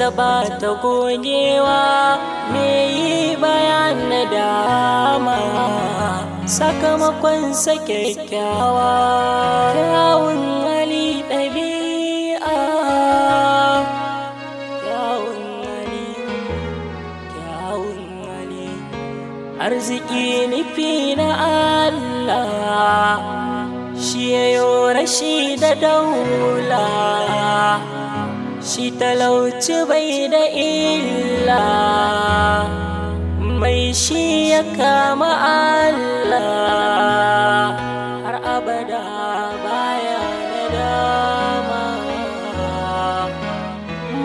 ta ba ta gogewa me yi bayan na dama sakamakon sa kyakkyawa kyawun hali ɗabi'a kyawun hali kyawun hali arziki nufi na Allah shi yayo rashi da daula shi talauci bai da illa mai shi ya kama Allah har abada baya da dama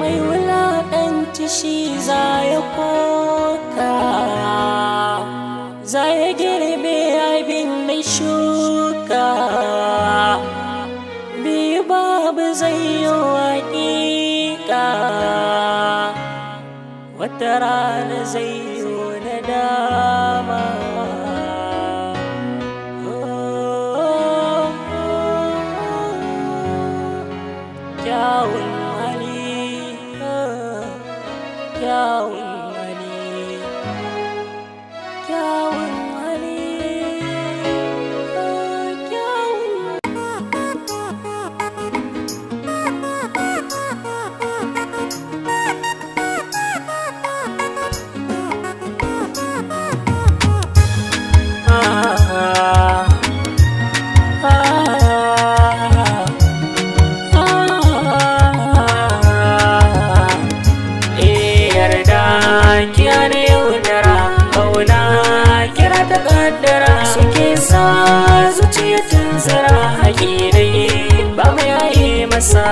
mai wulaƙanci shi za ya koka za ya girbe abin mai shuka bi babu zai وترى زي وندى yayi ba mu yayi masa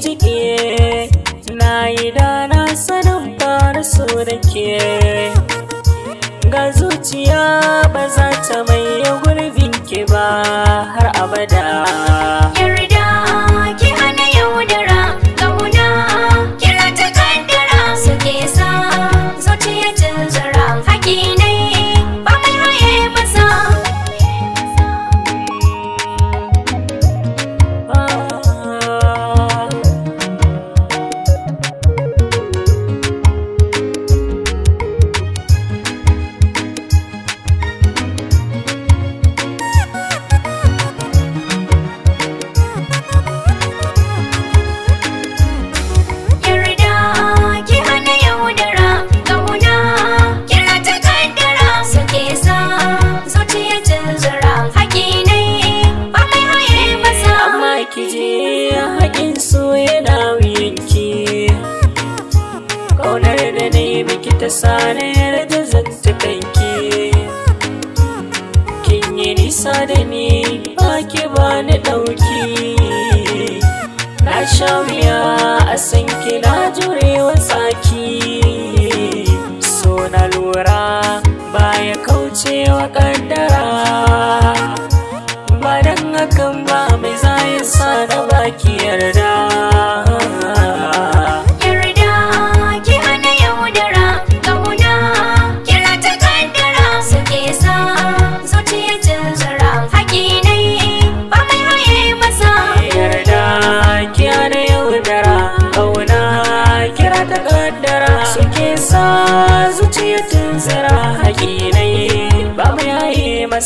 ciki na yi da na sanin fara so da ke ga zuciya ba za ta mai gurbin ki ba har abada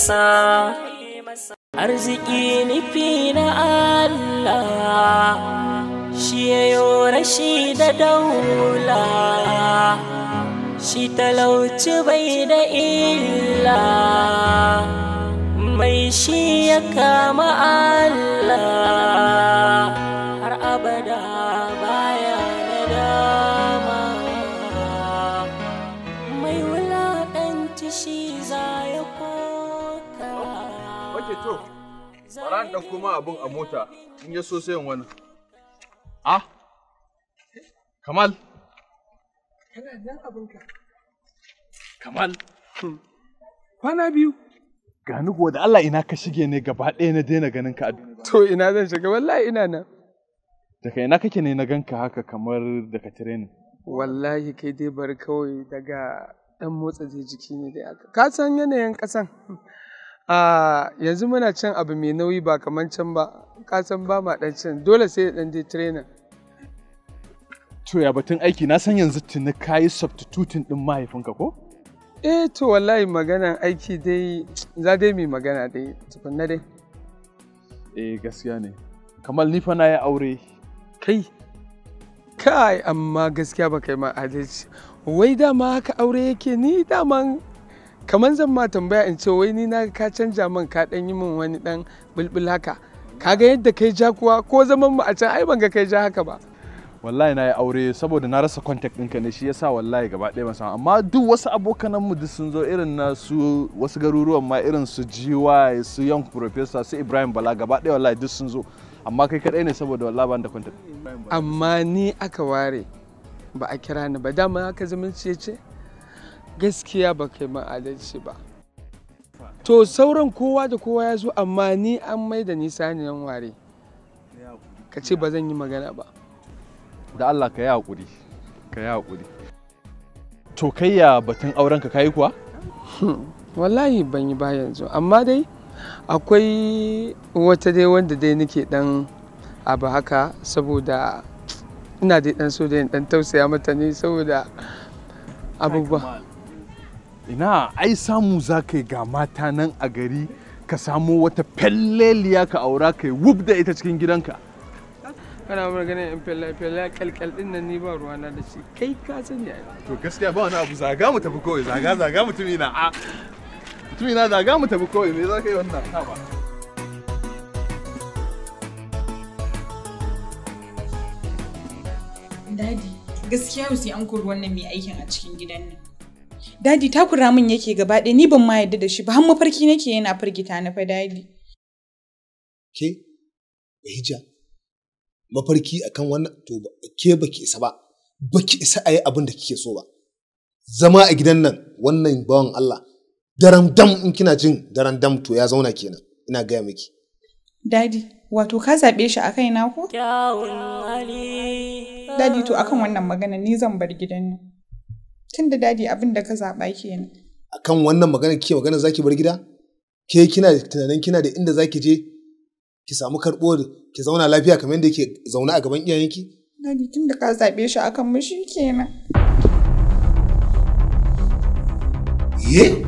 masa arziki nufi na Allah shi yayo rashi da daula shi talauci bai da illa mai shi ya kama Allah har abada ran ɗan ma abin a mota in ya so sayan wani. Ah? Kamal? Kana nan abinka. Kamal? Kwana biyu. Gani kuwa da Allah ina ka shige ne gaba ɗaya na daina ganin ka a To ina zan shiga wallahi ina nan. Daga ina kake ne na ganka haka kamar daga training? Wallahi kai dai bari kawai daga ɗan motsa jiki ne dai aka. Ka san yanayin ƙasan. a yanzu muna cin abu mai nauyi ba kamar can ba kasan ba ma dan cin dole sai dan je training to ya batun aiki na san yanzu tuni kayi substituting din mahaifinka ko eh to wallahi maganan aiki dai za dai mai magana dai tukunna dai eh gaskiya ne kamar ni fa na yi aure kai kai amma gaskiya ba kai ma adalci wai dama haka aure yake ni dama. kamar zan ma tambaya in ce wai ni na ka canja man ka dan yi min wani dan bulbul haka kaga yadda kai ja kuwa ko zaman mu a can ai ban ga kai ja haka ba wallahi na yi aure saboda na rasa contact ɗinka ne shi yasa wallahi gaba ɗaya ban amma duk wasu abokanan mu duk sun zo irin na su wasu garuruwan ma irin su GY su Young Professor su Ibrahim Bala gaba ɗaya wallahi duk sun zo amma kai kaɗai ne saboda wallahi ban da contact amma ni aka ware ba a kira ni ba dama haka zumunci ya ce gaskiya ba kai man adalci ba to sauran kowa da kowa ya zo amma ni an mai da nisa ne yan ware ka ce ba zan yi magana ba da Allah ka yi haƙuri ka yi haƙuri to kai ya batun aurenka ka yi kuwa wallahi ban yi ba yanzu amma dai akwai wata dai wanda dai nake dan abu haka saboda ina dai dan so da dan tausaya mata ne saboda abubuwa ina ai samu za ka yi ga mata nan a gari ka samo wata felleliya ka aura ka yi wub da ita cikin gidanka kana mun ganin in fella kalkal din nan ni ba ruwa na da shi kai ka sani ai to gaskiya ba wani abu zaga mu tafi kawai zaga zaga mutumi na a mutumi na zaga mu tafi kawai me za ka yi wannan ba dadi gaskiya mu sai an kori wannan mai aikin a cikin gidan nan. dadi takura min yake gaba ɗaya ni ban ma yadda da shi ba har mafarki nake yana firgita na fa dadi ke hija mafarki akan wannan to ke baki isa ba baki isa ayi yi abin da kike so ba zama a gidan nan wannan bawan Allah daram dam in kina jin daram dam to ya zauna kenan ina gaya miki dadi wato ka zaɓe shi a kaina ko dadi to akan wannan magana ni zan bar gidan nan Tun da dadi abin da ka zaɓa kenan. kan wannan magana ke magana ki bar gida? Ke kina tunanin kina da inda ki je ki samu karɓo ki zauna lafiya kamar yadda ke zauna a gaban iyayenki? Dadi tun da ka zaɓe shi akan mu shi kenan. Ye?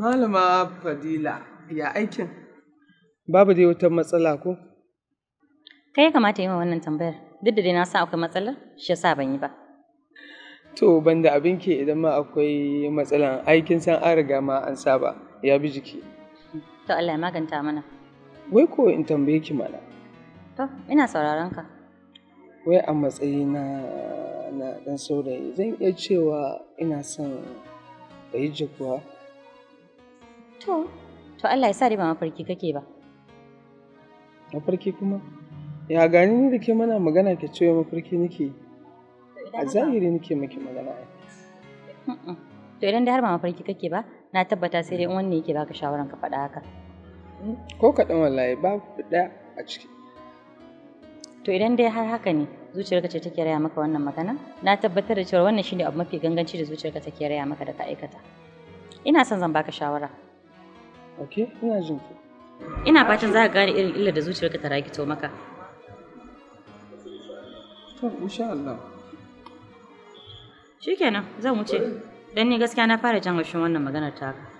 Malama Fadila, ya aikin? Babu dai wata matsala ko? Kai ya kamata yi wa wannan tambayar. Duk da dai na sa akwai matsala, shi yasa ban yi ba. To ban da abin ke idan ma akwai matsalan aikin san an riga ma an saba ya bi jiki. To Allah ya maganta mana. Wai ko in tambaye ki mana. To ina sauraron ka. Wai a matsayi na na dan saurayi zan iya cewa ina son bai jikuwa To, to Allah ya sa dai ba mafarki kake ba. Mafarki kuma? Ya gani ni da ke mana magana ke cewa mafarki nake yi. A zahiri nake maki magana. To idan da har ba mafarki kake ba, na tabbata sai dai in wanne yake baka shawaran ka faɗa haka. Hmm? Ko kaɗan wallahi ba ɗaya a ciki. To idan dai har haka ne, zuciyarka ce take raya maka wannan magana, na tabbatar da cewa wannan shine abu mafi ganganci da zuciyarka take raya maka da ka aikata. Ina son zan baka shawara. Ok, ina jin ki. Ina fatan za ka gane irin illar da zuciyarka ta ragito maka. To, insha Shikenan, zan wuce. Dan ni gaskiya na fara jan wannan maganar taka.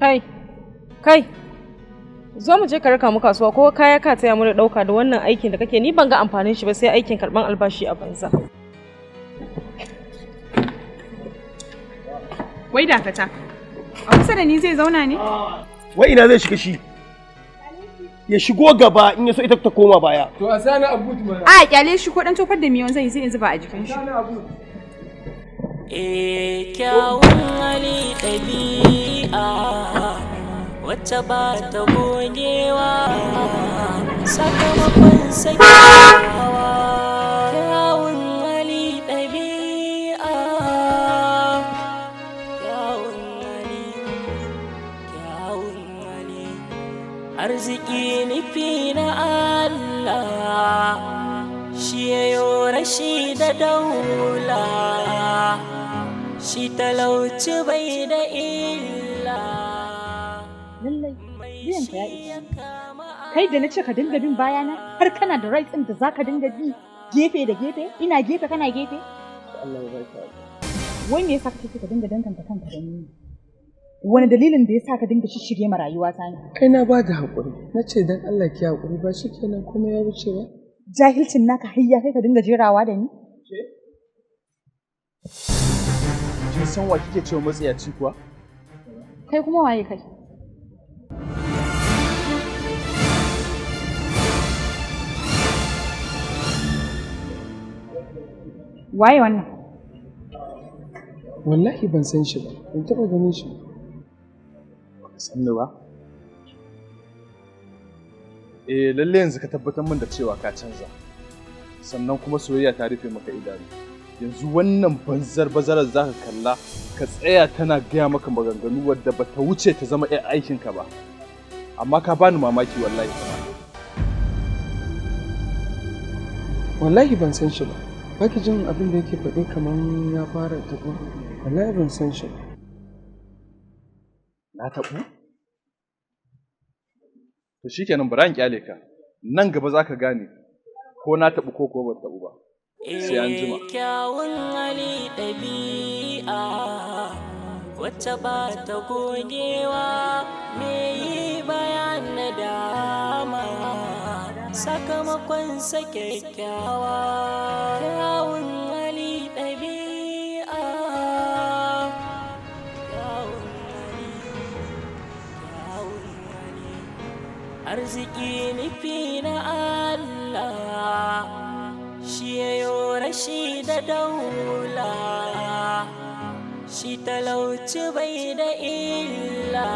Kai, kai, zo mu je ka raka mu kasuwa ko kaya ka taya mu da ɗauka da wannan aikin da kake ni ban ga amfanin shi ba sai aikin karɓan albashi a banza. Wai dakata, a kusa da ni zai zauna ne? Wai ina zai shiga shi? Ya shigo gaba in ya so ita ta koma baya. To a sani abu A kyale shi ko dan tofar da miyon zai zai zuba a jikin shi. E kyawun hali ɗabi'a wacce ba ta gogewa sakamakon sakewa kyawun hali ɗabi'a kyawun hali kyawun hali arziki nufi na Allah shi yayo rashi da daula shi talauci bai da illa lallai biyan ka ya isa kai da na ce ka dinga bin bayana har kana da rights ɗin da za ka dinga bi gefe da gefe ina gefe kana gefe Allah ya barka wai me yasa kake ka dinga danganta kanka da ni wani dalilin da sa ka dinga shishige ma rayuwa ta ne kai na bada hakuri na ce dan Allah ki hakuri ba shikenan kuma ya wuce ba jahilcin naka hayya kai ka dinga jerawa da ni kin san wa kike cewa matsiyaci kuwa? Kai kuma waye kai? Waye wannan? Wallahi ban san shi ba, ban taɓa ganin shi ba. san ni ba? Eh lalle yanzu ka tabbatar min da cewa ka canza. Sannan kuma soyayya ta rufe maka idanu. yanzu wannan banzar bazarar zaka kalla ka tsaya tana gaya maka maganganu wadda ba ta wuce ta zama 'yan aikinka ba amma ka bani mamaki wallahi wallahi ban san shi ba baki jin abin da yake faɗi kamar ya fara taɓo wallahi ban san shi ba na taɓo to shikenan bari an kyale ka nan gaba zaka gane ko na taɓu ko ko ban taɓu ba Eh, kyawun Ali ɗabi'a wacce ba ta gogewa me yi bayan na dama sakamakon sa kyawa kyawun Ali ɗabi'a arziki nufi na yayo rashi da daula shi talauci bai da illa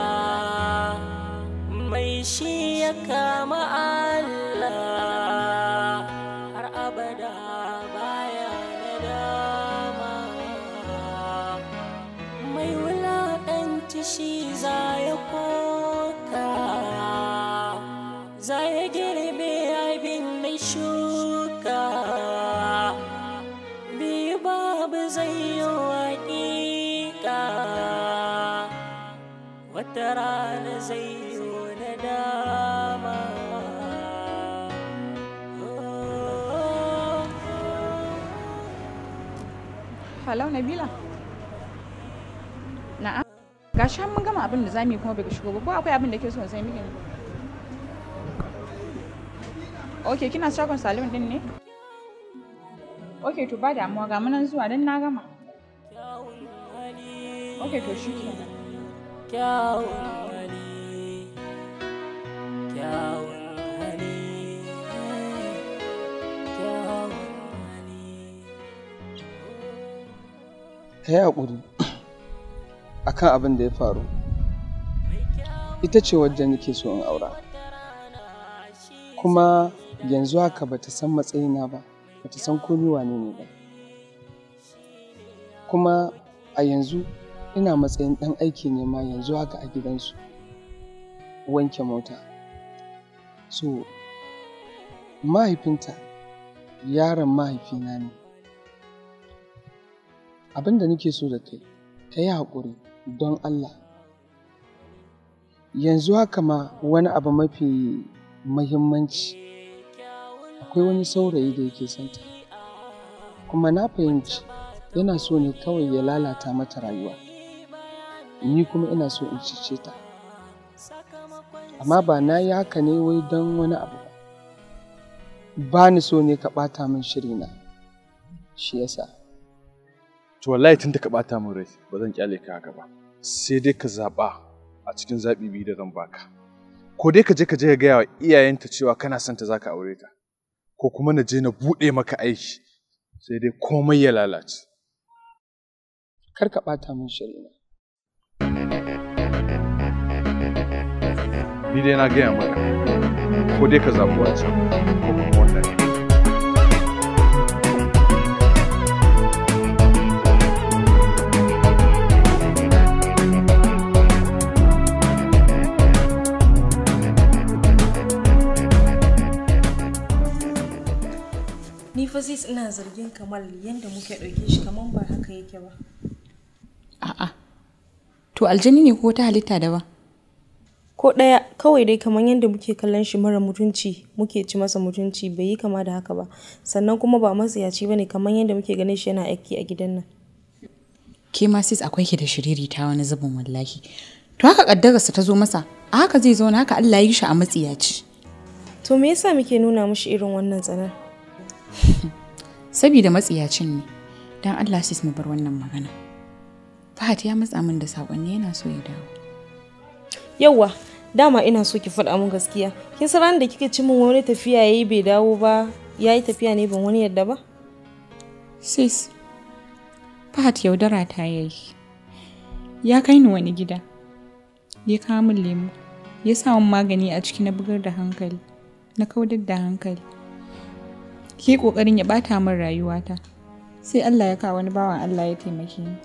mai shi ya kama a wata rana zai na dama Halau Nabila mun gama abin da za mu yi kuma bai shigo ba ko akwai abin da ke so sai miki Ok kina shagon salon din ne? Ok to ba damuwa ga munan zuwa don na gama. Ok to shi kenan. kyawun hali kyawun hali kyawun hali Ta yi haƙuri kan abin da ya faru ita ce wajen nake so in aura kuma yanzu haka ta san matsayina ba ba ta san ko ne ba kuma a yanzu ina matsayin ɗan aiki ne ma yanzu haka a gidansu wanke mota so mahaifinta yaron mahaifina ne Abinda da nake so da kai ka yi haƙuri don allah yanzu haka ma wani abu mafi mahimmanci akwai wani saurayi da yake santa kuma na fahimci yana so ne kawai ya lalata mata rayuwa ni kuma ina so in cece ta amma ba na yi haka ne wai don wani abu ba ni so ne ka ɓata min na, shi yasa to wallahi tun ka ɓata min rai ba zan kyale ka haka ba sai dai ka zaba a cikin zabi biyu da zan baka ko dai ka je ka je ka gaya wa iyayenta cewa kana son ta zaka aure ta ko kuma na je na buɗe maka aiki sai dai komai ya lalace kar ka ɓata min na. ni dai na gaya maka ko dai ka zaɓi wancan ko kuma wannan ni fa sai ina zargin kamar yadda muke ɗauke shi kamar ba haka yake ba a'a to aljani ne ko ta halitta daban ko ɗaya kawai dai kamar yadda muke kallon shi mara mutunci muke ci masa mutunci bai yi kama da haka ba sannan kuma ba matsiyaci ba ne kamar yadda muke ganin shi yana aiki a gidan nan ke ma sis akwai ki da shiriri ta wani zubin wallahi to haka kaddararsa ta zo masa a haka zai zo haka Allah ya yi shi a matsiyaci to me yasa muke nuna mishi irin wannan tsanar saboda matsiyacin ne dan Allah sis mu bar wannan magana Fahad ya matsa min da sakonni yana so ya dawo yauwa dama ina so ki faɗa mun gaskiya kin san ran da kika ci min wani tafiya yayi bai dawo ba yayi tafiya ne ban wani yadda ba sis Fahad yaudara ta yayi ya kai ni wani gida ya kawo min lemu ya sa min magani a ciki na bugar da hankali na kaudar da hankali ki kokarin ya bata min rayuwata sai Allah ya kawo wani bawan Allah ya taimake ni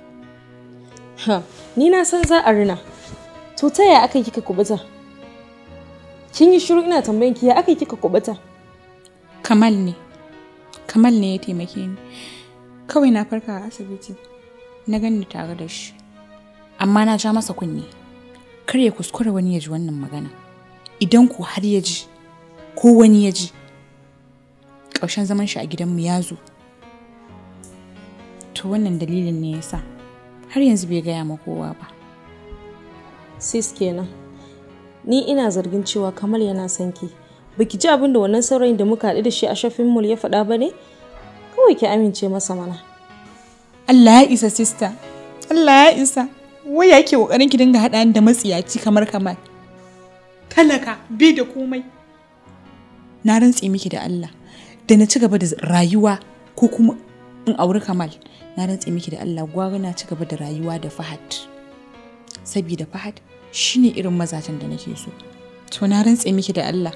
ha ni na san za a rina to ta aka kika kubuta kin yi shiru ina tambayan ki ya aka yi kika kubuta kamal ne kamal ne ya taimake ni kawai na farka a asibiti na gani tare da shi amma na ja masa kunne kar ya kuskura wani ya ji wannan magana idan ku har ya ji ko wani ya ji ƙarshen zaman shi a gidanmu ya zo to wannan dalilin ne ya sa har yanzu bai gaya ma kowa ba sis kenan ni ina zargin cewa kamal yana son ki baki ji abin da wannan saurayin da muka haɗu da shi a shafin mall ya faɗa ba ne kawai ki amince masa mana Allah ya isa sister Allah ya isa wai ya ke kokarin ki dinga haɗa da matsiyaci kamar kamal talaka bi da komai na rantsi miki da Allah da na ci gaba da rayuwa ko kuma in auri kamal na rantsi miki da Allah gwagwa na ci gaba da rayuwa da fahad sabida fahad shi ne irin mazajen da nake so to na rantse miki da Allah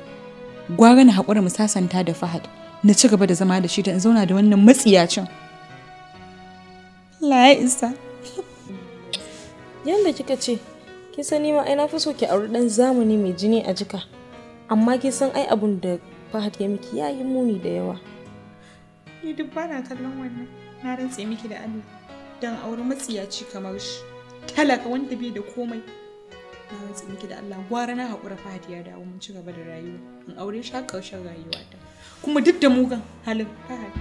gwara na haƙura mu sasanta da Fahad na ci gaba da zama da shi da in zauna da wannan matsiyacin Allah ya isa yanda kika ce kin san ni ma ai na fi so ki auri dan zamani mai jini a jika amma kin san ai abun da Fahad ya miki ya yi muni da yawa ni duk bana kallon wannan na rantse miki da Allah dan auri matsiyaci kamar shi talaka wanda bai da komai na rantsi da Allah gwara na haƙura Fahad ya dawo mun ci gaba da rayuwa in aure shi har rayuwa ta, kuma duk da mugan halin fahadi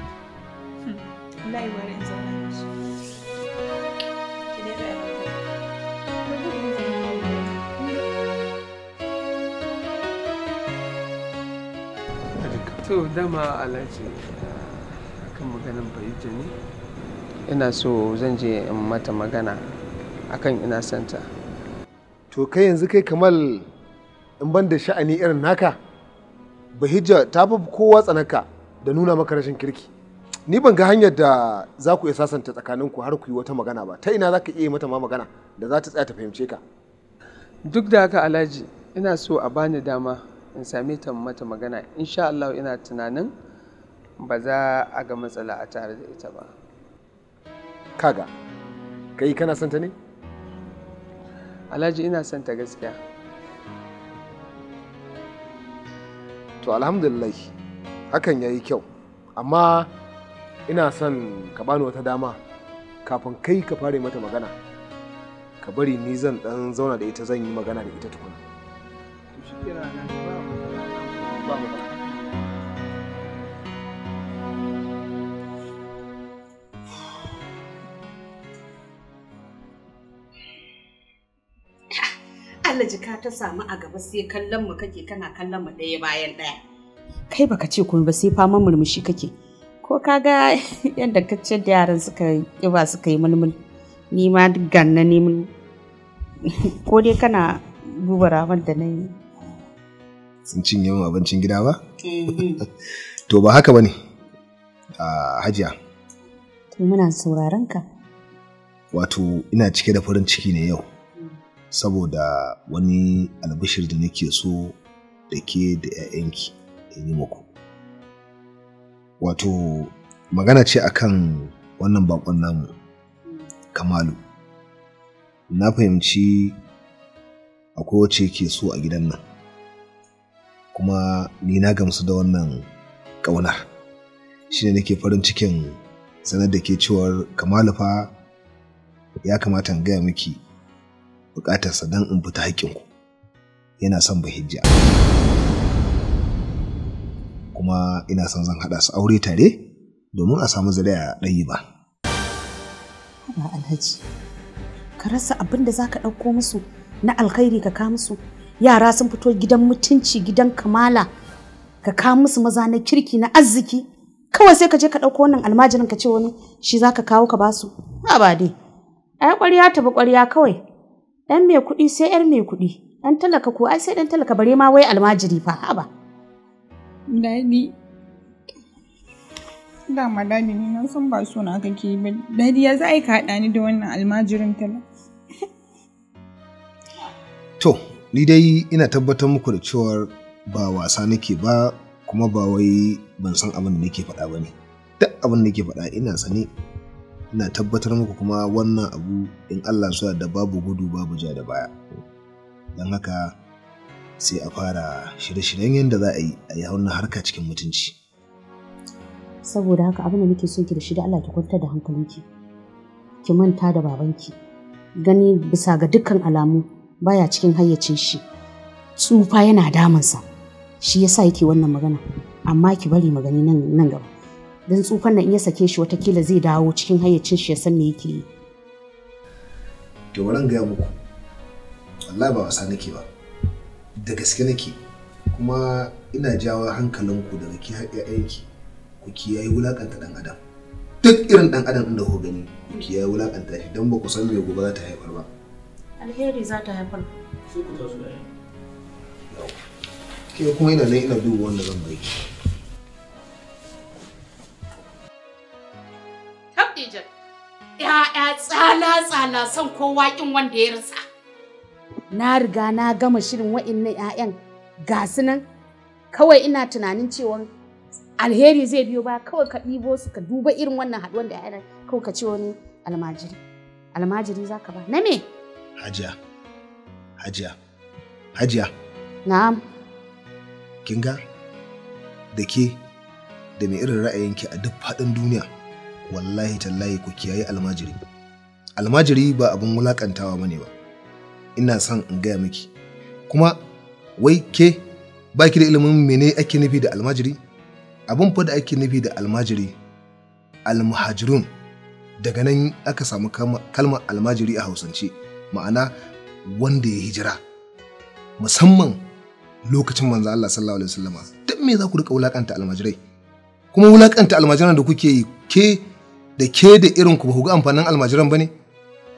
hmm. Allah ya bari in zauna da shi to dama alhaji kan maganin bayyana ne ina so zan je in mata magana akan ina santa to kai yanzu kai kamal in ban da sha'ani irin naka bahijja ta fi kowa tsanaka da nuna maka rashin kirki ni ban ga hanyar da za ku iya sasanta ku har ku yi wata magana ba ta ina za ka iya mata ma magana da za ta tsaya ta fahimce ka duk da haka alhaji ina so a bani dama in same ta mata magana insha Allah ina tunanin ba za a ga matsala a tare da ita ba kaga kai kana son ta ne alhaji ina son ta gaskiya to alhamdulillah hakan ya yi kyau amma ina son ka bani wata dama kafin kai ka fara mata magana ka bari ni zan dan zauna da ita zan yi magana da ita tukuna. Allah jika ta samu a gaba sai kallon mu kake kana kallon mu daya bayan ɗaya. Kai baka ce kuma ba sai faman murmushi kake. Ko ka ga yadda kacciyar da yaran suka ba suka yi mulmul. Ni ma ganna ne mun. Ko dai kana duba ramar da na yi. Sun cinye abincin gida ba? Mm-hmm. To ba haka ba ne. Ah, Hajiya. To muna sauraron ka. Wato ina cike da farin ciki ne yau. saboda wani albishir da nake so da ke da 'ya'yanki in yi muku wato magana ce akan wannan bakon namu kamalu na fahimci akwai wacce ke so a gidan nan kuma ni na gamsu da wannan ƙaunar shi ne nake farin cikin sanar da ke cewar kamalu fa ya kamata in gaya miki buƙatarsa don in fita haƙƙinku yana son bahijja kuma ina son zan haɗa su aure tare domin a samu zuriya ɗayi ba. Ba alhaji, ka rasa abin da za ka ɗauko musu na alkhairi ka ka musu yara sun fito gidan mutunci gidan kamala ka ka musu maza na kirki na arziki kawai sai ka je ka ɗauko wannan almajirin ka ce wani shi za ka kawo ka basu. Ha ba dai. Ai ƙwarya ta ba ƙwarya kawai ɗan mai kuɗi sai ‘yar mai kuɗi, ɗan talaka ko ai sai ɗan talaka bare ma wai almajiri fa haba. Dani, dama dadi ni na san ba suna kake ba, dani ya za a yi ka haɗa ni da wannan almajirin talaka. To, ni dai ina tabbatar muku da cewar ba wasa nake ba kuma ba wai ban san abin da nake faɗa ba ne. Duk abin da nake faɗa ina sane ina tabbatar muku kuma wannan abu in Allah su da babu gudu babu ja da baya don haka sai a fara shirye-shiryen yadda za a yi a yi hauna harka cikin mutunci saboda haka abin da nake so ki da shi da Allah ki kwantar da hankalinki ki manta da babanki gani bisa ga dukkan alamu baya cikin hayyacin shi tsufa yana damansa shi yasa yake wannan magana amma ki bari magani nan gaba don tsufan nan ya sake shi watakila zai dawo cikin hayyacin shi ya san me yake yi. To bari gaya muku, wallahi ba wasa nake ba, da gaske nake kuma ina jawo hankalinku daga ki aiki, ku kiyaye wulakanta ɗan adam. Duk irin ɗan adam da ku gani ku kiyaye wulakanta shi don ba ku san me gobe za ta haifar ba. Alheri za ta haifar. Ke kuma ina nan ina duba wanda zan baki. ‘ya'ya tsala-tsala son kowa ƙin wanda ya rasa. Na riga na gama shirin wa'innan ‘ya'yan ga su nan, kawai ina tunanin cewa alheri zai biyo ba kawai ka ɗibo su ka duba irin wannan haɗuwar da ‘ya'yan kawai ka ce wani almajiri. Almajiri za ka ba. Na me? Hajiya. Hajiya. Hajiya. Na'am. Kinga da ke da mai irin ra'ayinki a duk faɗin duniya. wallahi tallahi ku kiyaye almajiri almajiri ba abin wulakantawa bane ba ina son in gaya miki kuma wai ke ba ki da ilimin mene ake nufi da almajiri abin fa da ake nufi da almajiri almuhajirun daga nan aka samu kalmar almajiri a hausance ma'ana wanda ya hijira musamman lokacin manzo Allah sallallahu alaihi wasallama duk me za ku rika wulakanta almajirai kuma wulakanta almajiran da kuke yi ke da ke da irin ku ba ku ga amfanin almajiran ba ne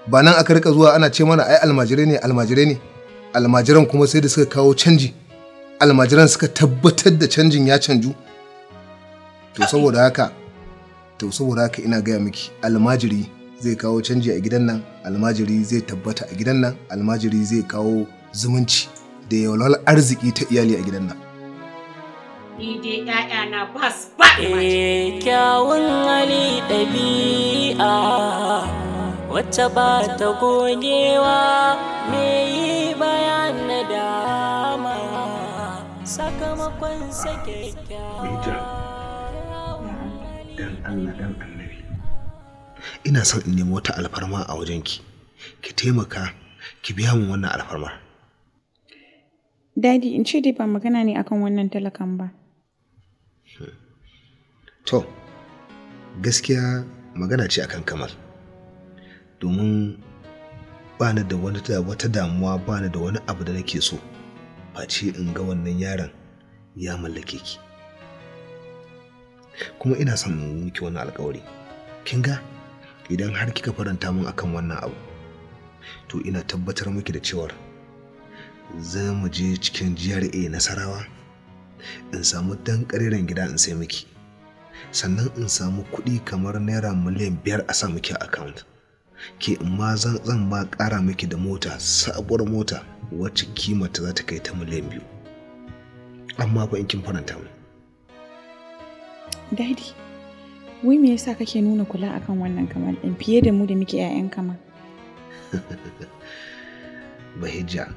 ba nan aka rika zuwa ana ce mana ai almajirai ne almajirai ne almajiran kuma sai da suka kawo canji almajiran suka tabbatar da canjin ya canju to saboda haka to saboda haka ina gaya miki almajiri zai kawo canji a gidan nan almajiri zai tabbata a gidan nan almajiri zai kawo zumunci da yawalwal arziki ta iyali a gidan nan ni dai ƴaƴana ba su ba eh, kyawun hali ɗabi'a wacce ba ta gogewa me yi bayan na dama sakamakon sake dan Allah dan annabi ina son in nemi wata alfarma a wajenki ki taimaka ki biya min wannan alfarmar dadi in ce dai ba magana ne akan wannan talakan ba To, gaskiya magana ce akan kamar, Domin ba ni da wata damuwa ba ni da wani abu da nake so, face in ga wannan yaron ya mallake ki. Kuma ina son in miki wani alkawari. Kin ga idan har kika faranta min akan wannan abu, to ina tabbatar miki da cewar za mu je cikin GRA Nasarawa in samu dan gida in sai miki. sannan in samu kuɗi kamar naira miliyan biyar a sa miki account ke ma zan zan ma ƙara miki da mota sabuwar mota wacce kimata za ta kai ta miliyan biyu amma ba in kin faranta mu Daddy, wai me yasa kake nuna kula akan wannan kamar, din fiye da mu da muke 'ya'yan kama. Bahijja,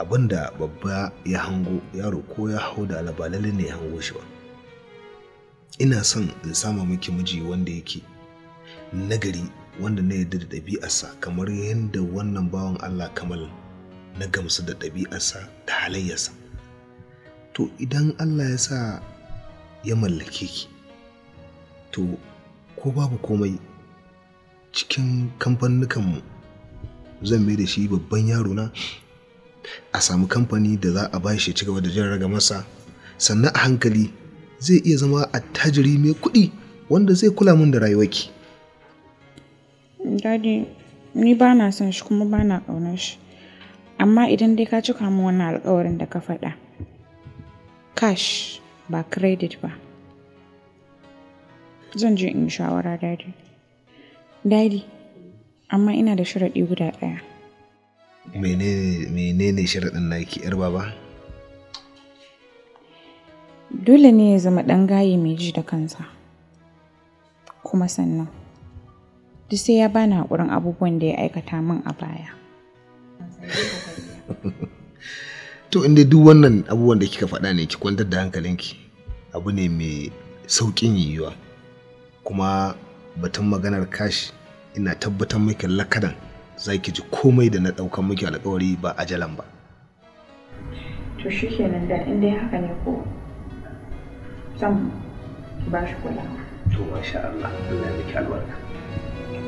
abinda babba ya hango yaro ko ya hau da labalali ne ya hango shi ba. ina son in sama miki miji wanda yake nagari wanda na yarda da ɗabi'arsa kamar yadda wannan bawan Allah kamal na gamsu da ɗabi'arsa da halayyarsa to idan Allah ya sa ya mallake ki to ko babu komai cikin kamfanukanmu zan mai da shi babban yaro na a samu kamfani da za a bashi ci gaba da jin raga masa sannan a hankali zai iya zama attajiri mai kuɗi wanda zai kula min da rayuwarki. Dadi, ni ba na son shi kuma ba na ƙaunar shi. Amma idan dai ka cika mu wannan alƙawarin da ka faɗa. Cash ba credit ba. Zan je in shawara dadi. Dadi, amma ina da sharaɗi guda ɗaya. Menene menene sharaɗin naki 'yar baba? dole ne ya zama ɗan gaye mai ji da kansa kuma sannan duk sai ya bani haƙurin abubuwan da ya aikata min a baya to inda duk wannan abubuwan da kika faɗa ne ki kwantar da hankalinki abu ne mai sauƙin yiwuwa kuma batun maganar kashi ina tabbatar miki lakadan za ki ji komai da na ɗaukan miki alƙawari ba ajalan ba to shi kenan da inda haka ne ko zan ba shi kula to masha Allah Allah ya miki albarka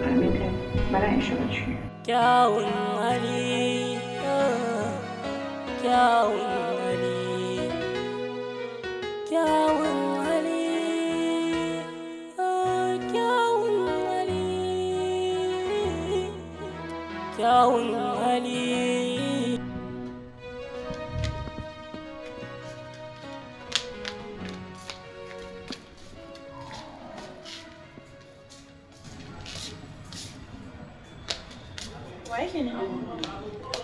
amin kai bara in shiga ciki kyawun ah, kyawun kyawun ah, kyawun kyawun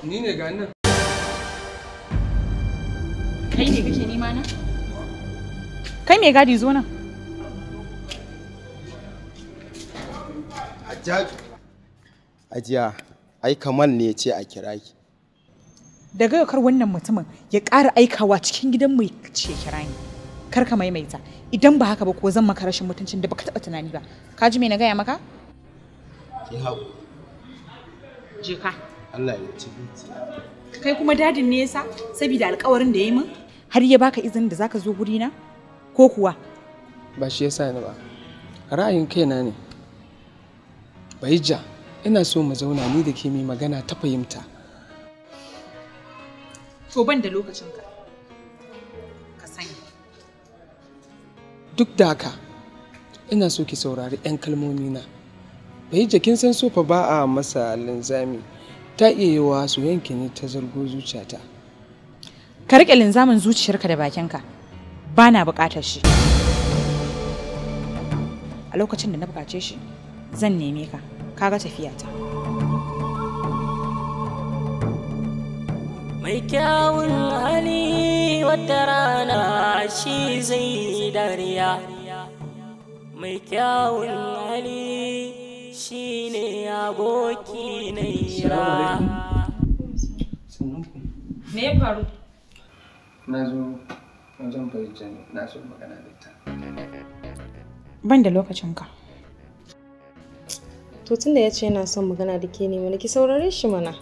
ne ga nan. Kai ne kake nima nan? Kai me gadi zo nan? Ajiya, ai Kamal ne ya ce a kira ki. Daga kar wannan mutumin ya ƙara aikawa cikin gidan mu ce kira ni. Kar ka maimaita, idan ba haka ba ko zan maka rashin mutuncin da baka taɓa tunani ba. Ka ji me na gaya maka? Ki haƙuri. je ka Allah ya ci kai kuma dadin ne yasa saboda alƙawarin da ya yi min har ya baka izin da zaka zo guri na ko kuwa ba shi yasa ni ba ra'ayin kaina ne baija ina so mu zauna ni da ke mai magana ta fahimta to ban da lokacin ka ka sani duk da haka ina so ki saurari 'yan kalmomi na bai jakin san sofa ba a masa linzami ta iya wa su yanke ne ta zargo zuciyata ka riƙe linzamin zuciyarka da bakinka ba na buƙatar shi a lokacin da na bukace shi zan neme ka kaga tafiyata mai kyawun hali wata rana shi zai dariya mai kyawun hali shi ne aboki na ya me ya faru na zo zan fahimci na so magana da ita ban da lokacinka to tunda ya ce yana son magana da ke ne mana ki saurare shi mana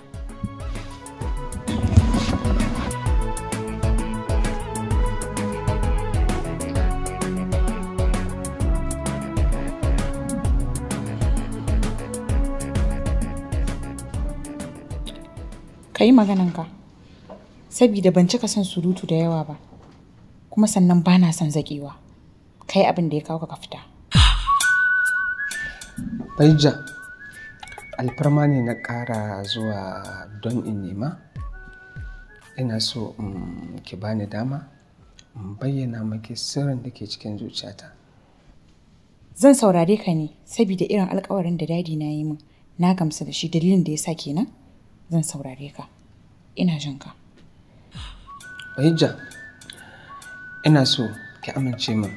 ka yi ka sabida ban cika son surutu da yawa ba kuma sannan ba na son zaƙewa ka yi abin da ya kawo ka fita Baija alfarma ne na ƙara zuwa don in nema ina so mm, ki bani dama in bayyana maki sirrin da ke cikin zuciyata zan saurare ka ne sabida irin alkawarin da dadi na yi min na gamsu da shi dalilin da ya sa kenan zan saurare ka ina jin ka ina so ki amince min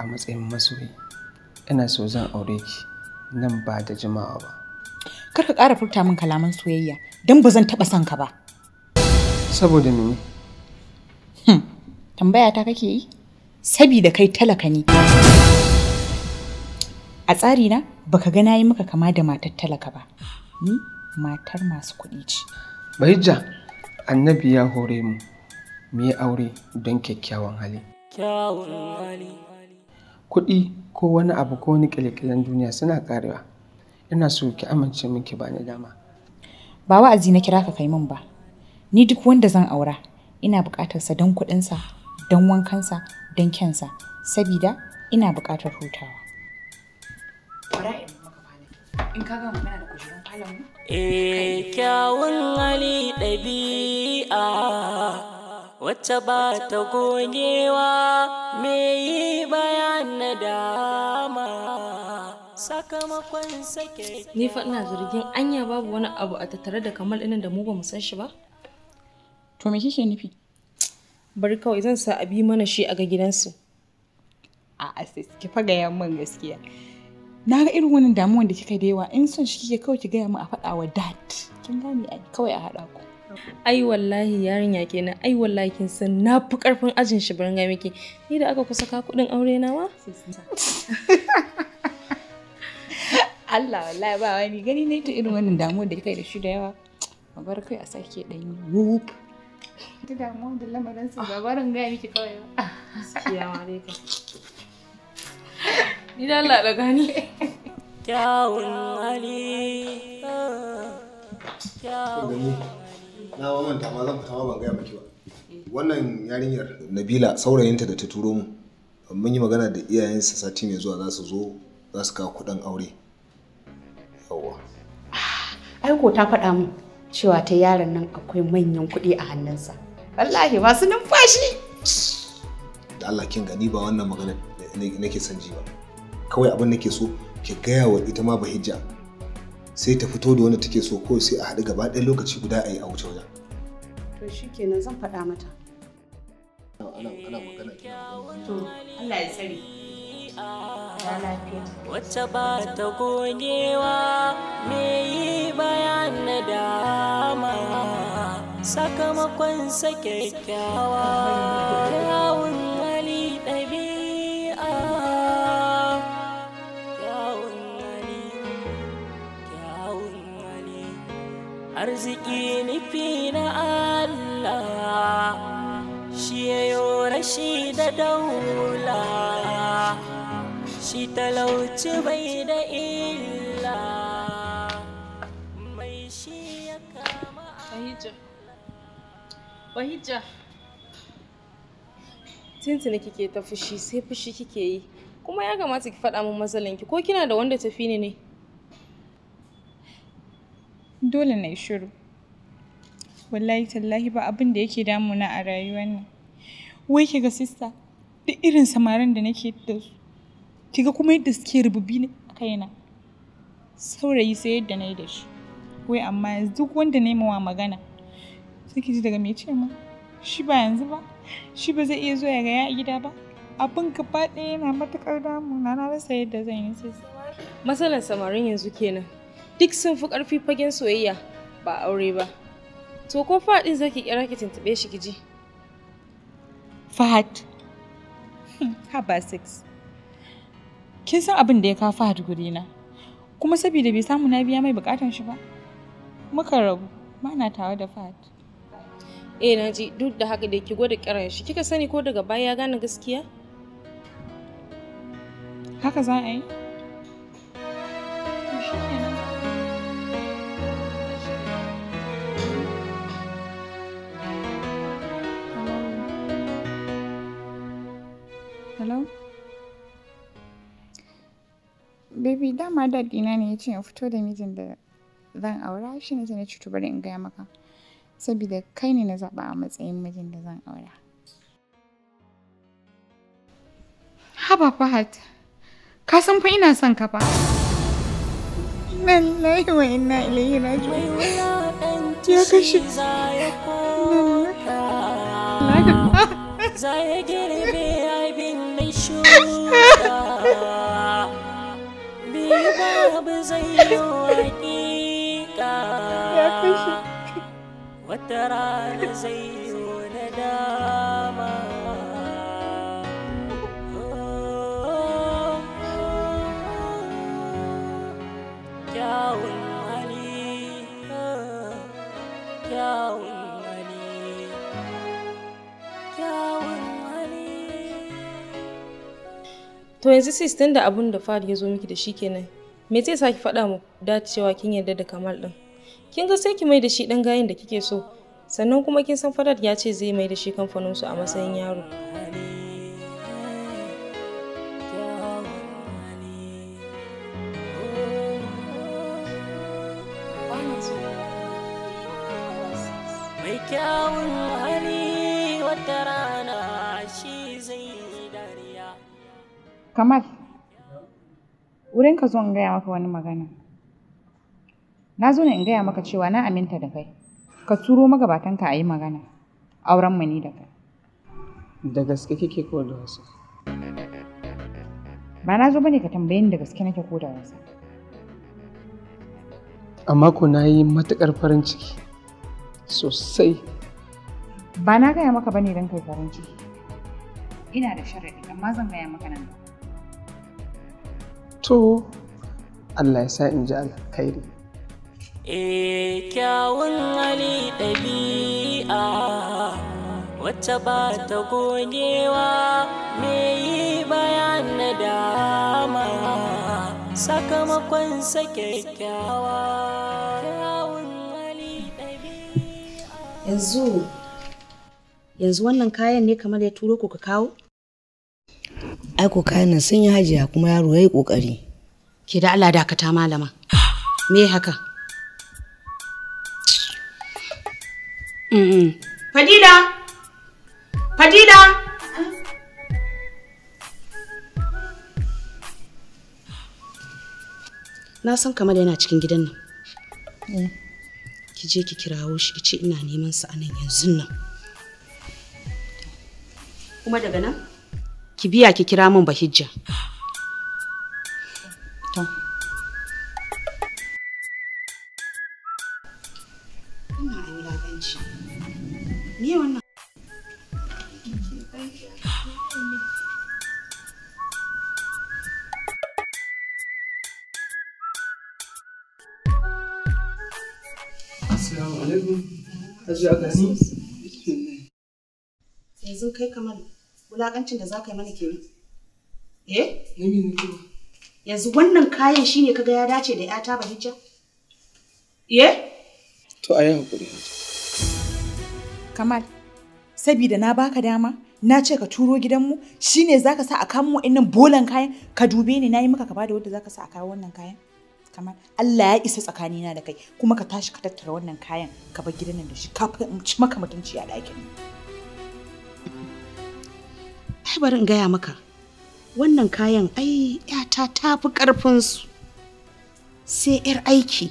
a matsayin masoyi ina so zan aure ki nan ba da jimawa ba kar ka ƙara furta min kalaman soyayya don ba zan taɓa son ka ba saboda me hmm, tambaya ta kake yi sabida kai talaka ne a tsari na baka ga nayi maka kama da matar talaka ba hmm? matar masu kuɗi ce. Bahijja, annabi ya hore mu, mu yi aure don kyakkyawan hali. Kuɗi ko wani abu ko wani ƙilƙilan duniya suna ƙarewa. Ina so ki amince min ki bani dama. Ba wa'azi na kira ka kai min ba. Ni duk wanda zan aura, ina buƙatar sa don kuɗinsa, don wankansa, don kyansa, sabida ina buƙatar hutawa. in ka gama kana da kujerun Eh, kyawun Ali ɗabi'a wacce ba ta gogewa me yi bayan na dama sakamakon sake Ni fa ina zargin anya babu wani abu a tattare da kamar ɗinin da mu ba san shi ba? To me kike nufi? Bari kawai zan sa abi mana shi a ga gidansu. A'a sai ki faga yamman gaskiya. na ga irin wani damuwan da kika da yawa in son shi kike kawai ki gaya mu a faɗa wa dad kin gane kawai a haɗa ku ai wallahi yarinya kenan ai wallahi kin san na fi karfin ajin shi barin ga miki ni da aka kusa ka kuɗin aure wa. Allah wallahi ba wani gani ne ta irin wannan damuwar da kika da shi da yawa bar kai a sake dan whoop ta damuwa da lamarin su ba barin ga miki kawai ba ni da Allah da gani kyawun hali kyawun na wa manta ma zan ban gaya maki ba wannan yarinyar Nabila saurayinta da ta turo mu mun yi magana da iyayensa sati mai zuwa za su zo za su kawo kuɗin aure yawwa aiko ta faɗa mu cewa ta yaron nan akwai manyan kuɗi a hannunsa wallahi masu numfashi da Allah kin gani ba wannan magana nake son ji ba kawai abin nake so ke gaya wa ita ma bahijja sai ta fito da wanda take so kawai sai a haɗu gaba ɗaya lokaci guda a yi a wuce wajen. To shi kenan zan faɗa mata. To Allah ya tsare. Wacce ba ta gogewa me yi bayan na dama sakamakon sa kyakkyawa arziki nufi na Allah shi yayo rashi da daula shi talauci bai da illa mai shi ya kama Wahijja! Bahijja tintina kike ta fushi sai fushi kike yi kuma ya kamata ki faɗa min matsalinki ko kina da wanda tafi ne ne dole na yi shiru wallahi tallahi ba abin da yake damuna a rayuwar nan wai ga sista duk irin samarin da nake da su ga kuma yadda suke rububi ne a kaina saurayi sai yadda na yi da shi wai amma yanzu duk wanda na yi mawa magana suke ji daga mai ce ma shi ba yanzu ba shi ba zai iya zuwa ya gaya a gida ba abin gaba ɗaya yana matuƙar na na rasa yadda zan yi sai matsalar samarin yanzu kenan duk sun fi ƙarfi fagen soyayya ba aure ba to ko faɗin zaki kira ki tuntuɓe shi kiji fahad hmm, haba six kin san abin da ya kawo fahad na. kuma saboda bai samu na biya mai bukatan shi ba muka rabu ma na tawa da fahad eh na ji duk da haka da ki gwada kiran shi kika sani ko daga baya ya gane gaskiya haka za a yi Baby dama daddy na ne ya ce in fito da mijin da zan aura shi ne sai na ce in gaya maka. Saboda kai ne na zaba a matsayin mijin da zan aura. Haba Fahad, ka san fa ina son ka fa. Lallahi wa inna na raji'un. Ya kashe. Lallahi. zai yi hakika wata rana zai yi na dama kyawun hali kyawun To yanzu sis tun da abun da Fahad ya zo miki da shi kenan me zai sa ki faɗa mu dacewa kin yarda da kamal ɗin kin ga sai ki mai da shi ɗan gayin da kike so sannan kuma kin san fadat ya ce zai mai da shi kamfaninsu a matsayin yaro mai wurin ka zo in gaya maka wani magana. Na zo ne in gaya maka cewa na aminta da kai, ka turo magabatanka a yi magana, auren mu ni da kai. Da gaske kike ko da wasu? Ba na zo bane ka tambaye ni da gaske nake ko da wasu. Amma ko na yi matukar farin ciki sosai. Ba na gaya maka bane don kai farin ciki. Ina da sharadi amma zan gaya maka nan ba. to Allah ya sa in ji alkhairi eh kyawun hali ɗabi'a wacce ba ta gogewa me yi bayan na dama sakamakon sake kyawa kyawun Ali ɗabi'a yanzu yanzu wannan kayan ne kamar ya turo ku ka kawo ai ko kayan nan sun yi hajiya kuma yaro ya yi kokari ke da Allah dakata malama me haka Fadila Fadila Na san kamar yana cikin gidan nan. Mm. Ki je ki kirawo shi ki ce ina neman sa anan yanzu nan. Kuma daga nan ki biya ki kira min bahijja Assalamu alaikum. Hajiya Gani. Yanzu kai kamar Wulakancin da za ka yi mana kenan. Eh? Yami ne Yanzu wannan kayan shi ne kaga ya dace da ƴata hijja? Eh? To ayi hakuri. Kamal, sabida na baka dama, na ce ka turo gidanmu za ka sa a kamo wa'annan bolan kayan ka dube ni yi maka ka bada wanda ka sa a kawo wannan kayan. kamar Allah ya isa tsakanina da kai kuma ka tashi ka tattara wannan kayan ka bar gidan nan da shi ka ci maka mutunci a ɗakin. ai bari in gaya maka wannan kayan ai yata ta fi ƙarfinsu sai 'yar aiki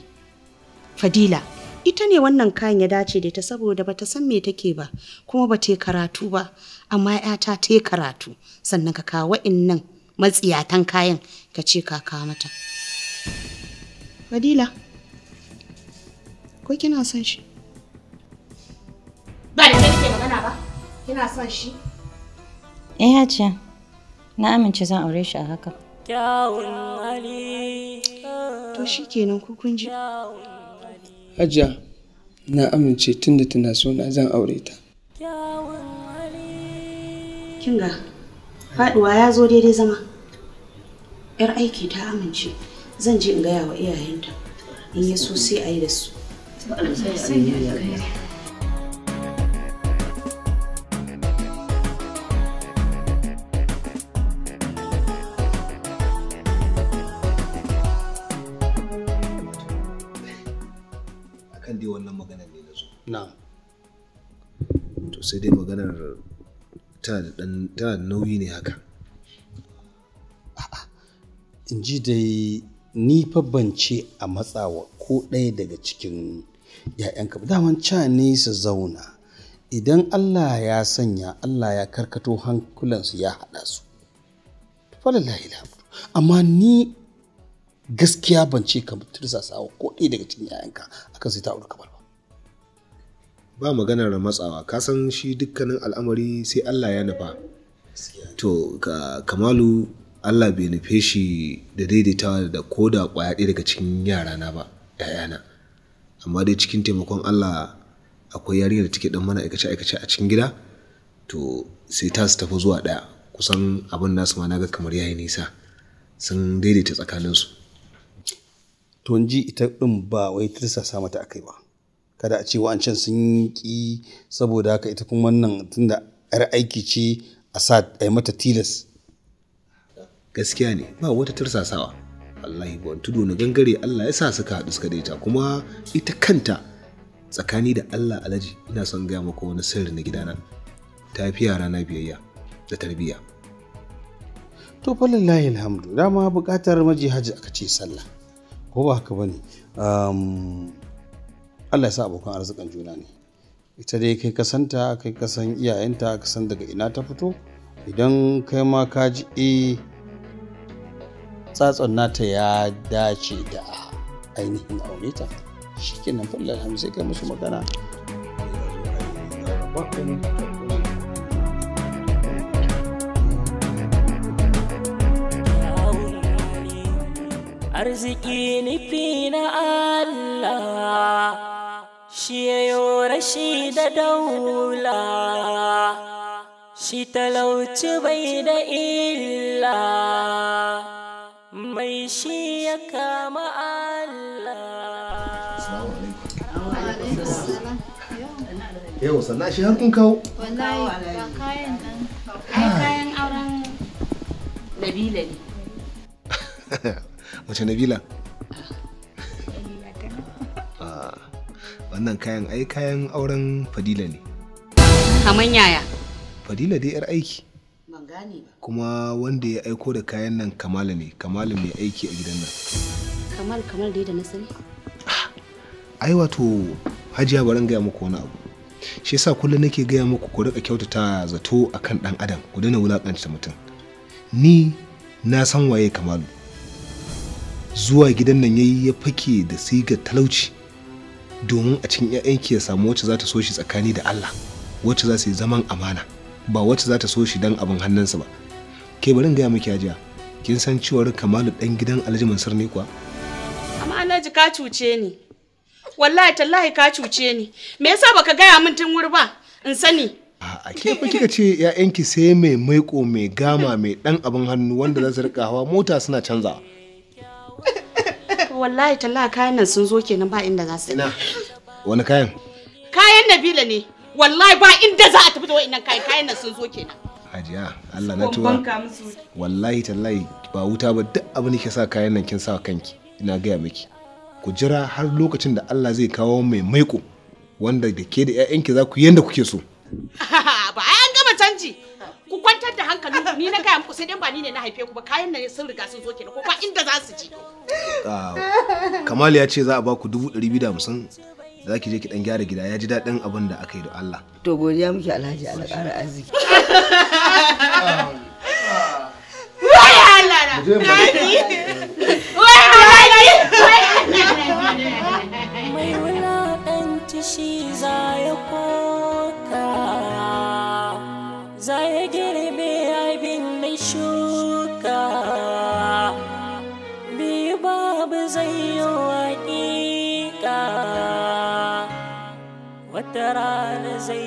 fadila ita ne wannan kayan ya dace da ta saboda ba ta san me take ba kuma ba ta yi karatu ba amma yata ta yi karatu sannan ka kawo nan matsiyatan kayan ka ce ka kawo mata fadila ko kina son shi ba da ke magana ba kina son shi Eh Hajiya, na amince zan aure shi a haka. Kyawun Ali. To shi kenan ku kun ji. Hajiya, na amince tun da tana so na zan aure ta. Kyawun Ali. Kinga, faduwa ya zo daidai zama. Yar aiki ta amince, zan je in gaya wa iyayenta. In yi so sai a yi da su. Sai a yi sai dai maganar ta da nauyi ne haka in ji dai ni fa bance a matsawa ko ɗaya daga cikin ‘ya'yanka ba daman ca ne su zauna idan Allah ya sanya Allah ya karkato hankulansu ya haɗa su falallahi amma ni gaskiya ban ce ka tursasa ko ɗaya daga cikin ‘ya'yanka akan sai ta auri kamar ba maganar matsawa ka san shi dukkanin al'amari sai Allah ya nufa to ka kamalu Allah bai nufe shi da daidaitawa da ko da kwaya ɗaya daga cikin yarana ba ‘ya'yana amma dai cikin taimakon Allah akwai yarinya da take dan mana aikace aikace a cikin gida to sai ta su tafi zuwa ɗaya kusan abin nasu ma naga kamar yayi nisa sun daidaita tsakaninsu to ji ita din ba wai ta sa mata akai ba kada a ce wa'ancan sun ki saboda haka ita kuma wannan tunda yar aiki ce a sa a mata tilas gaskiya ne ba wata tursasawa ya ba tudu na gangare Allah ya sa suka haɗu suka daita kuma ita kanta tsakani da Allah alaji ina son gaya maka wani sirri na gidana ta fi yara biyayya da tarbiyya to fa lillahi alhamdu dama buƙatar maji haji aka ce sallah ko ba haka bane Allah ya sa abokan arzikin juna ne ita dai kai kasanta kai kasan iyayenta kasan daga ina ta fito idan kai ma ka ji e tsatson nata ya dace da ainihin aure ta shikenan fa Allah sai kai musu magana arziki nufi na Allah shi rashi da daula shi talauci bai da illa mai shi ya kama Allah yau sannan shi har kun kawo ba kayan nan kayan auren nabila ne Mace nabila wannan kayan ai kayan auren fadila ne kaman yaya fadila dai yar aiki kuma wanda ya aiko da kayan nan kamala ne kamala mai aiki a gidan nan kamal kamal dai da na ai wato hajiya baran gaya muku wani abu shi yasa kullum nake gaya muku ku rika kyautata zato akan dan adam ku daina wulakanta mutum ni na san waye kamalu zuwa gidan nan yayi ya fake da sigar talauci domin a cikin aiki ya samu wacce za ta so shi tsakani da Allah wacce za su yi zaman amana ba wacce za ta so shi dan abin hannunsa ba ke barin gaya miki ajiya kin san cewar kamalu dan gidan alhaji mansur ne kuwa amma alhaji ka cuce ni wallahi tallahi ka cuce ni me yasa baka gaya min tun wuri ba in sani a ke fa kika ce ya'yanki sai mai maiko mai gama mai dan abin hannu wanda za su rika hawa mota suna canzawa wallahi talla kayan nan sun zo kenan ba inda za su ina wani kayan kayan nabila ne wallahi ba inda za a tafi da wa'annan kayan kayan nan sun zo kenan hajiya Allah na tuwa wallahi tallahi ba wuta ba duk abin da sa kayan nan kin sa kanki ina gaya miki ku jira har lokacin da Allah zai kawo mai maiko wanda da ke da 'ya'yanki za ku yanda kuke so ba ai an gama canji ku kwantar da hankali ni na gaya muku sai dai ba ni ne na haife ku ba kayan nan sun riga sun zo kenan ko ba inda za su ji ah, Kamal ya ce za a ba ku dubu ɗari biyu da hamsin za ki je ki dan gyara gida ya ji daɗin abin da aka yi da Allah. To godiya muke Alhaji Allah ƙara arziki. Mai ɗan shi za ya kowa. زي قلبي عيب مشوكة بباب زي وقيكة وتران زي